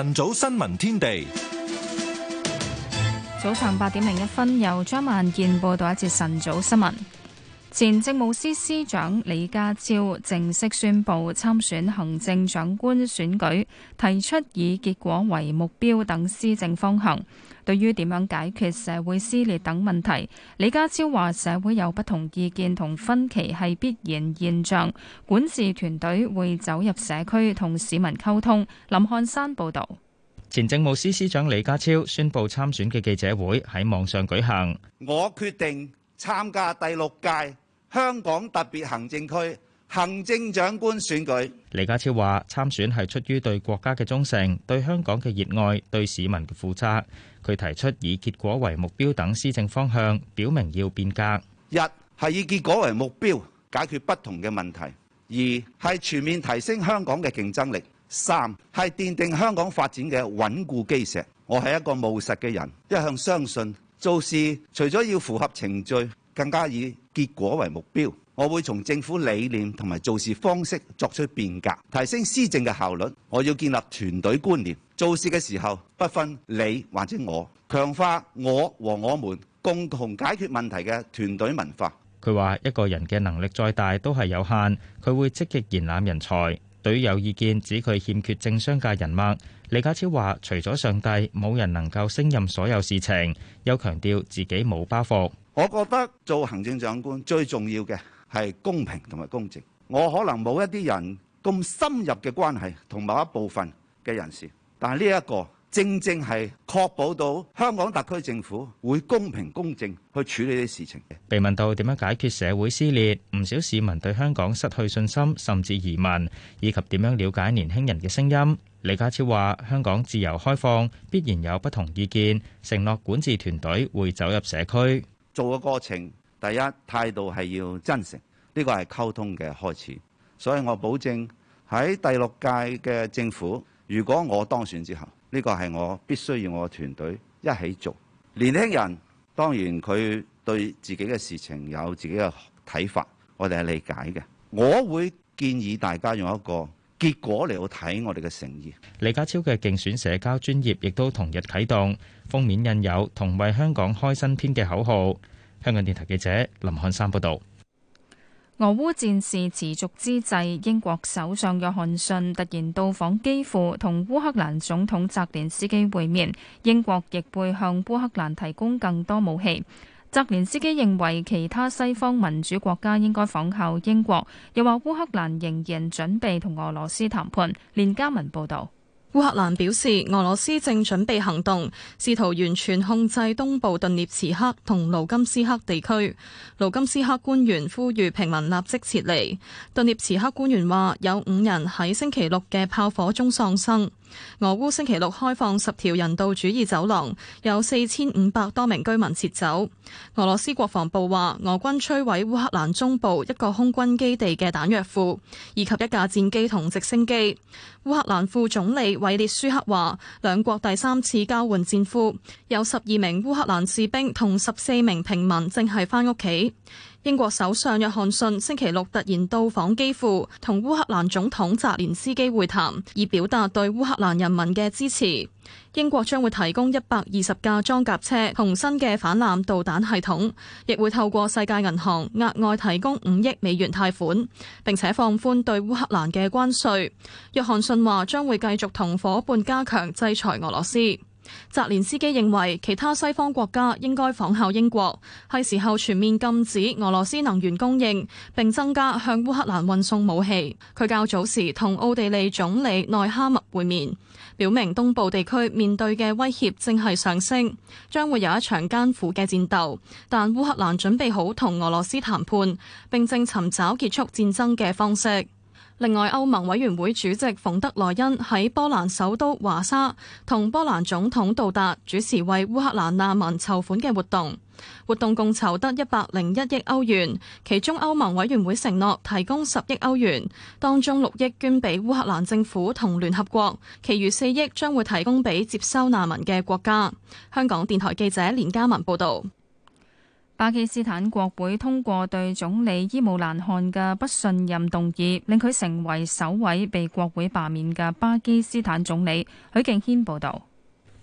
晨早新聞天地，早上八點零一分，由張萬健報道一節晨早新聞。前政務司司長李家超正式宣布參選行政長官選舉，提出以結果為目標等施政方向。對於點樣解決社會撕裂等問題，李家超話社會有不同意見同分歧係必然現象，管治團隊會走入社區同市民溝通。林漢山報導。前政務司司長李家超宣布參選嘅記者會喺網上舉行。我決定參加第六屆香港特別行政區行政長官選舉，李家超話參選係出於對國家嘅忠誠、對香港嘅熱愛、對市民嘅負責。佢提出以結果為目標等施政方向，表明要變革。一係以結果為目標，解決不同嘅問題；二係全面提升香港嘅競爭力；三係奠定香港發展嘅穩固基石。我係一個務實嘅人，一向相信做事除咗要符合程序。更加以結果為目標，我會從政府理念同埋做事方式作出變革，提升施政嘅效率。我要建立團隊觀念，做事嘅時候不分你或者我，強化我和我們共同解決問題嘅團隊文化。佢話：一個人嘅能力再大都係有限，佢會積極延攬人才。隊友意見指佢欠缺政商界人脈。李家超話：除咗上帝，冇人能夠勝任所有事情。又強調自己冇包袱。我覺得做行政長官最重要嘅係公平同埋公正。我可能冇一啲人咁深入嘅關係，同某一部分嘅人士，但係呢一個正正係確保到香港特區政府會公平公正去處理啲事情。被問到點樣解決社會撕裂，唔少市民對香港失去信心，甚至移民，以及點樣了解年輕人嘅聲音，李家超話：香港自由開放必然有不同意見，承諾管治團隊會走入社區。做嘅過程，第一態度係要真誠，呢個係溝通嘅開始。所以我保證喺第六屆嘅政府，如果我當選之後，呢個係我必須要我嘅團隊一起做。年輕人當然佢對自己嘅事情有自己嘅睇法，我哋係理解嘅。我會建議大家用一個。結果嚟到睇我哋嘅誠意。李家超嘅競選社交專頁亦都同日啟動，封面印有同為香港開新篇嘅口號。香港電台記者林漢山報導。俄烏戰事持續之際，英國首相約翰遜突然到訪基輔，同烏克蘭總統澤連斯基會面。英國亦會向烏克蘭提供更多武器。澤連斯基認為其他西方民主國家應該仿效英國，又話烏克蘭仍然準備同俄羅斯談判。連家文報道，烏克蘭表示俄羅斯正準備行動，試圖完全控制東部頓涅茨克同盧甘斯克地區。盧甘斯克官員呼籲平民立即撤離。頓涅茨克官員話有五人喺星期六嘅炮火中喪生。俄烏星期六開放十條人道主義走廊，有四千五百多名居民撤走。俄羅斯國防部話，俄軍摧毀烏克蘭中部一個空軍基地嘅彈藥庫，以及一架戰機同直升機。烏克蘭副總理韋列舒克話，兩國第三次交換戰俘，有十二名烏克蘭士兵同十四名平民正係翻屋企。英國首相約翰遜星期六突然到訪基輔，同烏克蘭總統澤連斯基會談，以表達對烏克蘭人民嘅支持。英國將會提供一百二十架裝甲車同新嘅反艦導彈系統，亦會透過世界銀行額外提供五億美元貸款，並且放寬對烏克蘭嘅關稅。約翰遜話將會繼續同夥伴加強制裁俄羅斯。澤連斯基認為其他西方國家應該仿效英國，係時候全面禁止俄羅斯能源供應，並增加向烏克蘭運送武器。佢較早時同奧地利總理內哈默會面，表明東部地區面對嘅威脅正係上升，將會有一場艱苦嘅戰鬥。但烏克蘭準備好同俄羅斯談判，並正尋找結束戰爭嘅方式。另外，歐盟委員會主席馮德萊恩喺波蘭首都華沙同波蘭總統杜達主持為烏克蘭難民籌款嘅活動，活動共籌得一百零一億歐元，其中歐盟委員會承諾提供十億歐元，當中六億捐俾烏克蘭政府同聯合國，其餘四億將會提供俾接收難民嘅國家。香港電台記者連嘉文報導。巴基斯坦國會通過對總理伊姆蘭汗嘅不信任動議，令佢成為首位被國會罷免嘅巴基斯坦總理。許敬軒報道：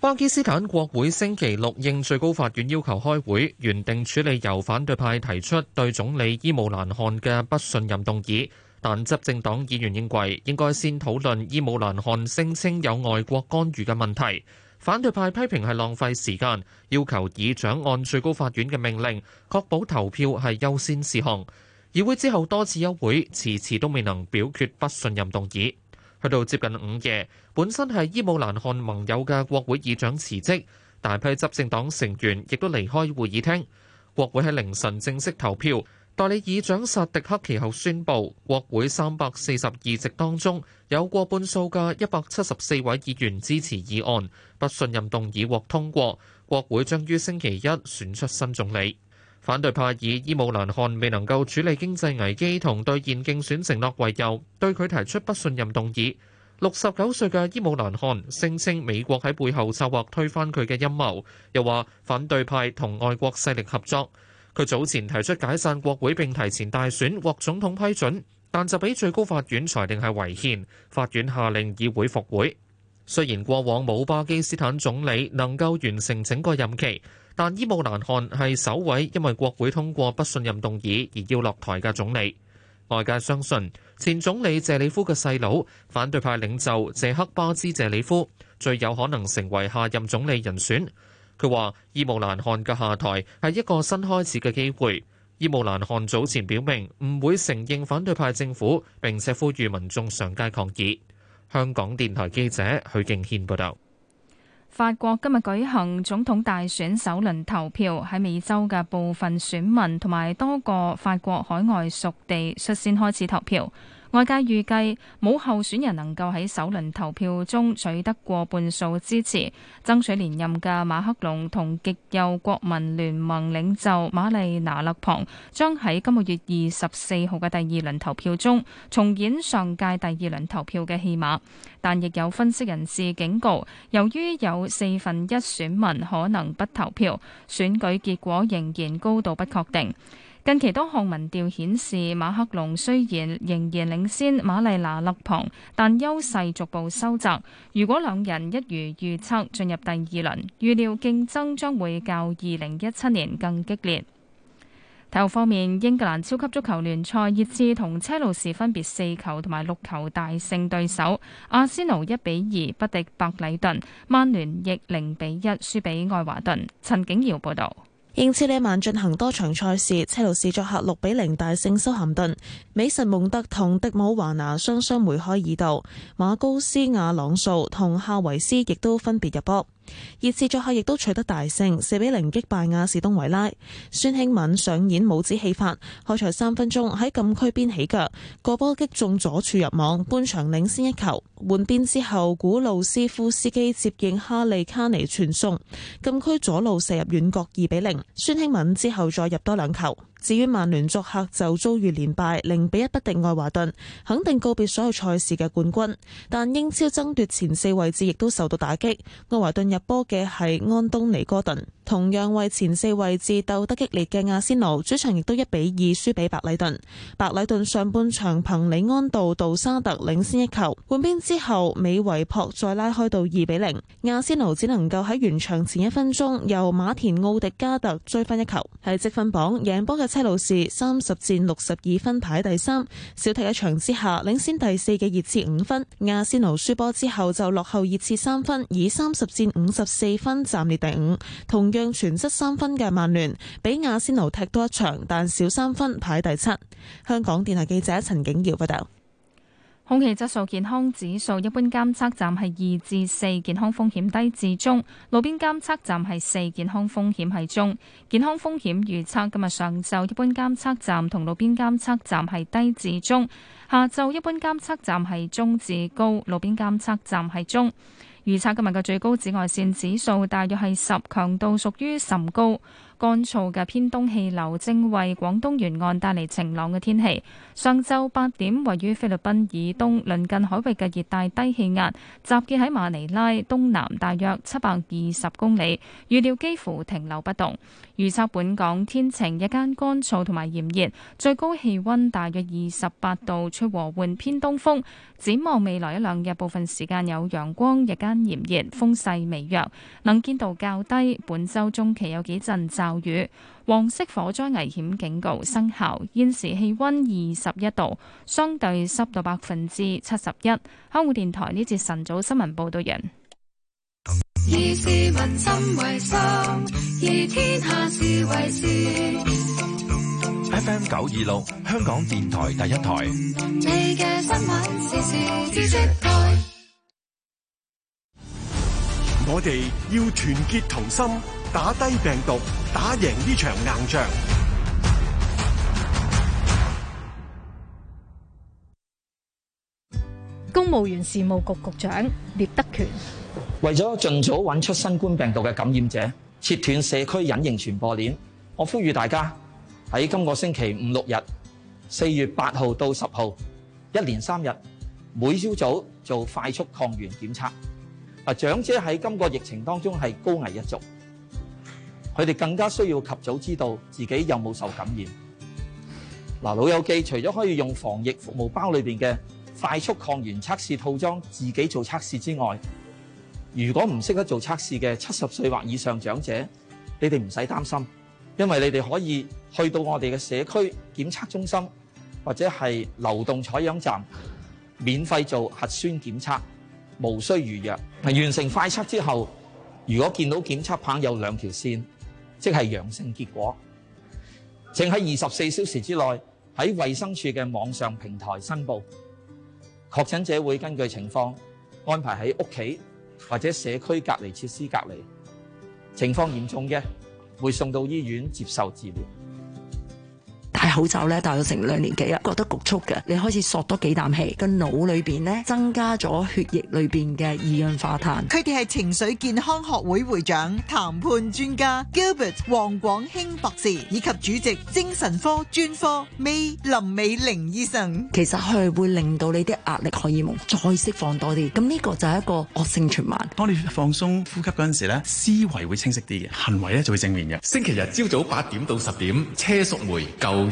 巴基斯坦國會星期六應最高法院要求開會，原定處理由反對派提出對總理伊姆蘭汗嘅不信任動議，但執政黨議員認為應該先討論伊姆蘭汗聲稱有外國干預嘅問題。反對派批評係浪費時間，要求議長按最高法院嘅命令確保投票係優先事項。議會之後多次休會，遲遲都未能表決不信任動議。去到接近午夜，本身係伊姆蘭漢盟友嘅國會議長辭職，大批執政黨成員亦都離開會議廳。國會喺凌晨正式投票。代理議長薩迪克其後宣佈，國會三百四十二席當中有過半數嘅一百七十四位議員支持議案，不信任動議獲通過，國會將於星期一選出新總理。反對派以伊姆蘭汗未能夠處理經濟危機同兌現競選承諾為由，對佢提出不信任動議。六十九歲嘅伊姆蘭汗聲稱美國喺背後策劃推翻佢嘅陰謀，又話反對派同外國勢力合作。佢早前提出解散國會並提前大選，獲總統批准，但就俾最高法院裁定係違憲，法院下令議會復會。雖然過往冇巴基斯坦總理能夠完成整個任期，但伊姆蘭汗係首位因為國會通過不信任動議而要落台嘅總理。外界相信前總理謝里夫嘅細佬、反對派領袖謝克巴茲謝里夫最有可能成為下任總理人選。佢話：伊姆蘭汗嘅下台係一個新開始嘅機會。伊姆蘭汗早前表明唔會承認反對派政府，並且呼籲民眾上街抗議。香港電台記者許敬軒報道，法國今日舉行總統大選首輪投票，喺美洲嘅部分選民同埋多個法國海外屬地率先開始投票。外界預計冇候選人能夠喺首輪投票中取得過半數支持，爭取連任嘅馬克龍同極右國民聯盟領袖馬利拿勒龐將喺今個月二十四號嘅第二輪投票中重演上屆第二輪投票嘅戲碼，但亦有分析人士警告，由於有四分一選民可能不投票，選舉結果仍然高度不確定。近期多項民調顯示，馬克龍雖然仍然領先馬麗娜勒龐，但優勢逐步收窄。如果兩人一如預測進入第二輪，預料競爭將會較二零一七年更激烈。體育方面，英格蘭超級足球聯賽熱刺同車路士分別四球同埋六球大勝對手，阿仙奴一比二不敵百里頓，曼聯亦零比一輸俾愛華頓。陳景堯報道。英超呢晚進行多場賽事，車路士作客六比零大勝休咸頓，美神蒙特同迪姆華拿雙雙梅開二度，馬高斯亞朗素同夏維斯亦都分別入波。熱刺作客亦都取得大勝，四比零擊敗亞士東維拉。孫興敏上演帽子戲法，開場三分鐘喺禁區邊起腳個波擊中左柱入網，半場領先一球。換邊之後，古魯斯夫斯基接應哈利卡尼傳送，禁區左路射入遠角二比零。孫興敏之後再入多兩球。至於曼聯作客就遭遇連敗，零比一不敵愛華頓，肯定告別所有賽事嘅冠軍。但英超爭奪前四位置亦都受到打擊，愛華頓入波嘅係安東尼哥頓。同樣為前四位置鬥得激烈嘅阿仙奴主場亦都一比二輸俾白禮頓。白禮頓上半場憑李安道杜沙特領先一球，換邊之後美維珀再拉開到二比零。阿仙奴只能夠喺完場前一分鐘由馬田奧迪加特追翻一球。喺積分榜贏波嘅車路士三十戰六十二分排第三，少踢一場之下領先第四嘅熱刺五分。阿仙奴輸波之後就落後熱刺三分，以三十戰五十四分暫列第五。同讓全失三分嘅曼聯，比亞仙奴踢多一場，但少三分排第七。香港電台記者陳景耀報道。空氣質素健康指數一般監測站係二至四，健康風險低至中；路邊監測站係四，健康風險係中。健康風險預測今日上晝一般監測站同路邊監測站係低至中，下晝一般監測站係中至高，路邊監測站係中。預測今日嘅最高紫外線指數大約係十，強度屬於甚高。乾燥嘅偏東氣流正為廣東沿岸帶嚟晴朗嘅天氣。上晝八點，位於菲律賓以東鄰近海域嘅熱帶低氣壓集結喺馬尼拉東南大約七百二十公里，預料幾乎停留不動。預測本港天晴，日間乾燥同埋炎熱，最高氣温大約二十八度，吹和緩偏東風。展望未來一兩日，部分時間有陽光，日間炎熱，風勢微弱，能見度較低。本周中期有幾陣驟暴雨， 黃色火災危險警告生效。現時氣溫二十一度，相對濕度百分之七十一。香港電台呢節晨早新聞報道人。F M 九二六，香港電台第一台。以市民心為心，以天下事為事。我哋要團結同心。打低病毒，打贏呢場硬仗。公務員事務局局長聶德權為咗盡早揾出新冠病毒嘅感染者，切斷社區隱形傳播鏈，我呼籲大家喺今個星期五六日（四月八號到十號，一連三日），每朝早做快速抗原檢測。嗱，長者喺今個疫情當中係高危一族。佢哋更加需要及早知道自己有冇受感染。嗱，老友記除咗可以用防疫服務包裏邊嘅快速抗原測試套裝自己做測試之外，如果唔識得做測試嘅七十歲或以上長者，你哋唔使擔心，因為你哋可以去到我哋嘅社區檢測中心或者係流動採樣站免費做核酸檢測，無需預約。完成快測之後，如果見到檢測棒有兩條線，即係陽性結果，請喺二十四小時之內喺衛生署嘅網上平台申報。確診者會根據情況安排喺屋企或者社區隔離設施隔離，情況嚴重嘅會送到醫院接受治療。係口罩咧戴咗成兩年幾啊，覺得局促嘅，你開始索多幾啖氣，個腦裏邊咧增加咗血液裏邊嘅二氧化碳。佢哋係情緒健康學會會長、談判專家 Gilbert 黃廣興博士以及主席精神科專科 May 林美玲醫生。其實佢會令到你啲壓力荷爾蒙再釋放多啲，咁呢個就係一個惡性循環。當你放鬆呼吸嗰陣時咧，思維會清晰啲嘅，行為咧就會正面嘅。星期日朝早八點到十點，車淑梅舊。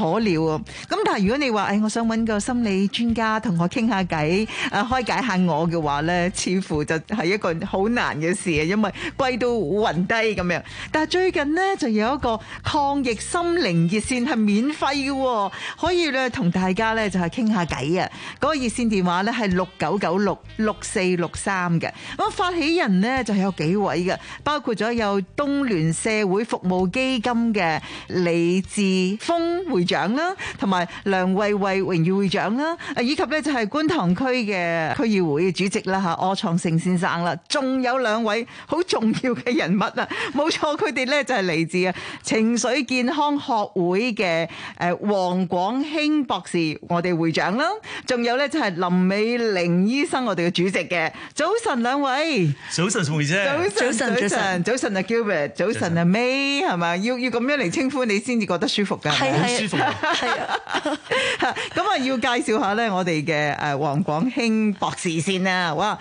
可了喎，咁但係如果你話誒，我想揾個心理專家同我傾下偈，誒開解下我嘅話咧，似乎就係一個好難嘅事啊，因為貴到暈低咁樣。但係最近咧就有一個抗疫心靈熱線係免費嘅，可以咧同大家咧就係傾下偈啊。嗰個熱線電話咧係六九九六六四六三嘅。咁發起人咧就有幾位嘅，包括咗有東聯社會服務基金嘅李志峰會長啦，同埋梁慧慧榮譽會長啦，以及咧就係觀塘區嘅區議會主席啦吓，柯創盛先生啦，仲有兩位好重要嘅人物啊，冇錯，佢哋咧就係嚟自啊情緒健康學會嘅誒黃廣興博士，我哋會長啦，仲有咧就係林美玲醫生，我哋嘅主席嘅。早晨兩位，早晨宋小姐，早晨早晨早晨早晨啊，Gilbert，早晨啊 May，係咪，要要咁樣嚟稱呼你先至覺得舒服噶？係係。係啊，咁啊 要介紹下咧，我哋嘅誒黃廣興博士先啦，哇！